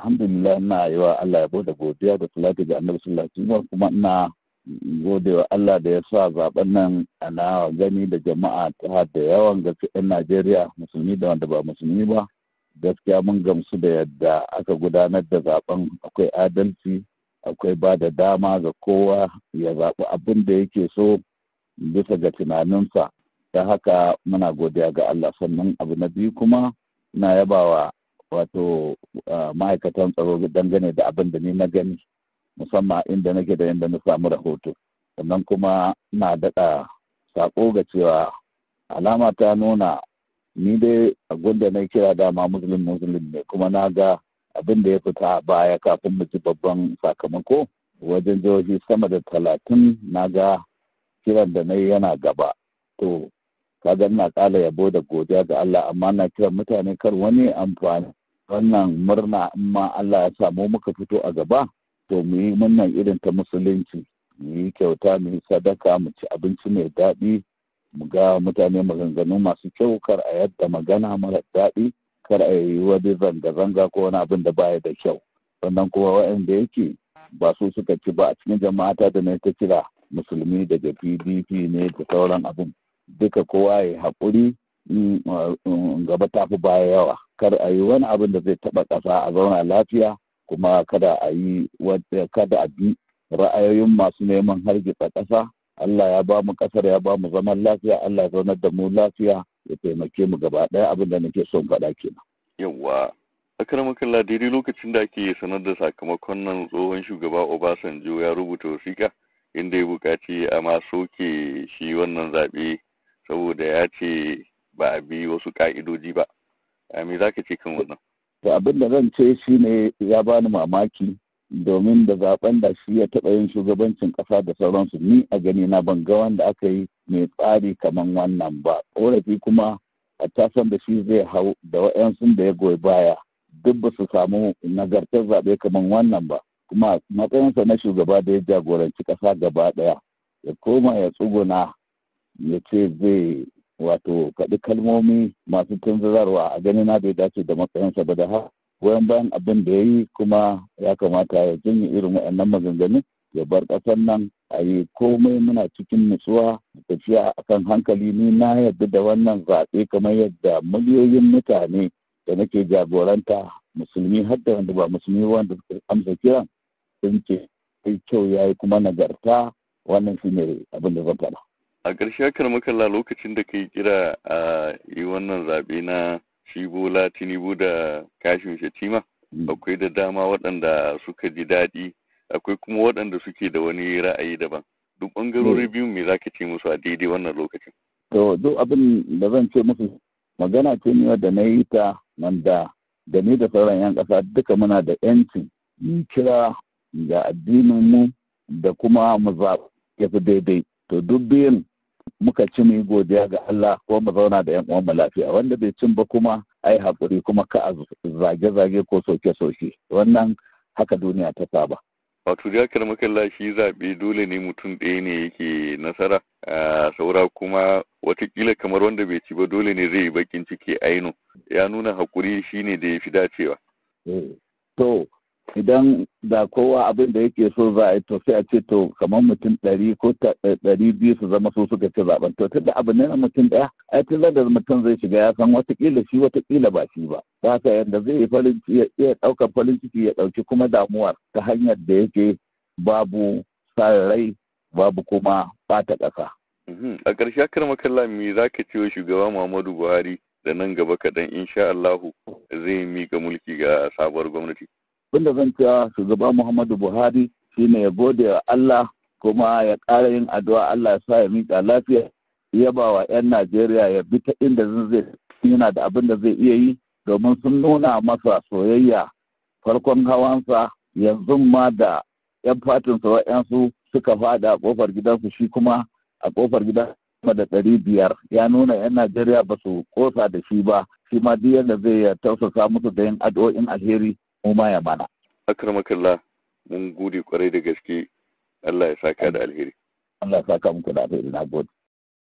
alhamdulillah ina yi wa Allah ya bude godiya da salatu ga annabi sallallahu alaihi kuma ina gode wa Allah da ya sa zaben nan ana gani da jama'a ta da yawan gaske 'yan Najeriya musulmi da wanda ba musulmi ba gaskiya mun gamsu da yadda aka gudanar da zaben akwai adalci akwai ba da dama ga kowa ya zaɓi abin da yake so bisa ga tunaninsa ta haka muna godiya ga Allah sannan abu na biyu kuma na yabawa wato ma'aikatan tsaro dangane da abin da ni na gani musamman inda nake da inda na samu rahoto sannan kuma na daɗa sako ga cewa alama ta nuna ni dai gunda na kira dama musulun musulun ne kuma na ga abin da ya fita baya kafin mu ci babban sakamako wajen jihohi sama da talatin na ga kiran da na yi yana gaba to kaga ina ƙala yabo da godiya ga Allah amma na kiran mutane kar wani amfani wannan murna in ma Allah ya samu muka fito a gaba to mu yi murnan irin ta musulunci mu yi kyauta mu yi sadaka mu ci abinci mai daɗi mu ga mutane maganganu masu kyau kar a yadda magana mara daɗi kar a yi wani zanga-zanga ko wani abin da baya da kyau sannan kuma waɗanda yake ba su suka ci ba a cikin jama'ata da na ta kira musulmi daga pdp ne da sauran abin duka kowa ya haƙuri Mm, uh, mm, gaba ta fi baya yawa kar a yi wani abin da zai taɓa ƙasa a zauna lafiya kuma kada a yi kada a bi ra'ayoyin masu neman hargitsa ƙasa Allah ya ba mu ƙasar ya ba mu zaman lafiya Allah ya zaunar da mu lafiya ya taimake mu gaba ɗaya abin da nake son faɗa kenan. Yawwa akramakallah daidai lokacin da ake sanar da sakamakon nan tsohon shugaba Obasanjo ya rubuta wasiƙa inda ya buƙaci a ma soke shi wannan zaɓe saboda ya ce ba a bi wasu ka'idoji ba me za ka ce kan wannan da abin da zan ce shi ne ya bani mamaki domin da zaben da shi ya taɓa yin shugabancin ƙasa da sauransu ni a gani na ban ga wanda aka yi mai tsari kamar wannan ba ƙorafi kuma a tasan da shi zai hau da wa'yansu da ya goyi baya duk ba su samu nagartar zaɓe kamar wannan ba kuma matsayinsa na shugaba da ya jagoranci ƙasa gaba ɗaya ya koma ya tsuguna ya ce zai wato kaɗi kalmomi masu tunzurarwa a ganina bai dace da matsayinsa ba da ha goyon bayan abin da ya yi kuma ya kamata ya janye irin waɗannan maganganu. ya bar ƙasar nan a yi komai muna cikin nutsuwa tafiya kan hankali ni na yadda da wannan zaɓe kamar yadda miliyoyin mutane da nake jagoranta musulmi har da wanda ba musulmi wanda suka amsa kiran sun ce kyau ya yi kuma nagarta wannan shi ne abin da zan faɗa. a ƙarshe kan makalla lokacin da kai kira a yi wannan zaɓe na shi tinibu da kashin shatima mm. akwai da dama waɗanda suka ji daɗi akwai kuma waɗanda suke da wani ra'ayi daban duk ɓangarori mm. biyu me za ka ce musu a daidai wannan lokacin to duk abin da zan ce musu magana ce ne da na yi ta nan da ni da sauran 'yan ƙasa duka muna da 'yancin mu kira ga addinin mu da kuma mu zaɓi daidai to duk biyun muka ci mu yi godiya ga Allah ko mu zauna da yan uwanmu lafiya wanda bai cin ba kuma ai hakuri kuma ka a zage-zage ko soke-soke wannan haka duniya ta saba. Wato da aka makalla shi zaɓe dole ne mutum ɗaya ne yake nasara A saura kuma watakila kamar wanda bai ci ba dole ne zai yi bakin ciki aino ya nuna hakuri shine da ya fi dacewa. Eh, to idan da kowa abin da yake so za a yi to sai a ce to kamar mutum ɗari ko ɗari biyu su zama su suka ci zaɓen to tunda abu ne na mutum ɗaya ai tun da mutum zai shiga ya san watakila shi watakila ba shi ba ba ka yadda zai yi farin ciki ya ɗaukar farin ciki ya ɗauki kuma damuwa ta hanyar da yake babu rai babu kuma ɓata ƙasa. Mhm. a ƙarshe akar makalla me za ka ce wa shugaba muhammadu buhari da nan gaba kaɗan insha allahu zai miƙa mulki ga sabuwar gwamnati. abinda zan cewa ah, shugaba muhammadu buhari shine ya gode wa allah kuma ya ƙara yin addu'a allah ya sa ya miƙa lafiya yabawa wa 'yan najeriya ya bi ta inda zai yana da abin da zai iya yi domin sun nuna masa soyayya farkon hawansa yanzu ma da 'yan fatinsa wa'yansu suka fada a kofar gidansu shi kuma a kofar gida sama da ɗari biyar ya nuna 'yan najeriya ba su kosa da shi ba shi ma duk yadda zai ya tausasa musu da yin addu'o'in alheri mu ma ya mana makalla mun gode kwarai da gaske Allah ya saka da alheri Allah ya saka muku da alheri na gode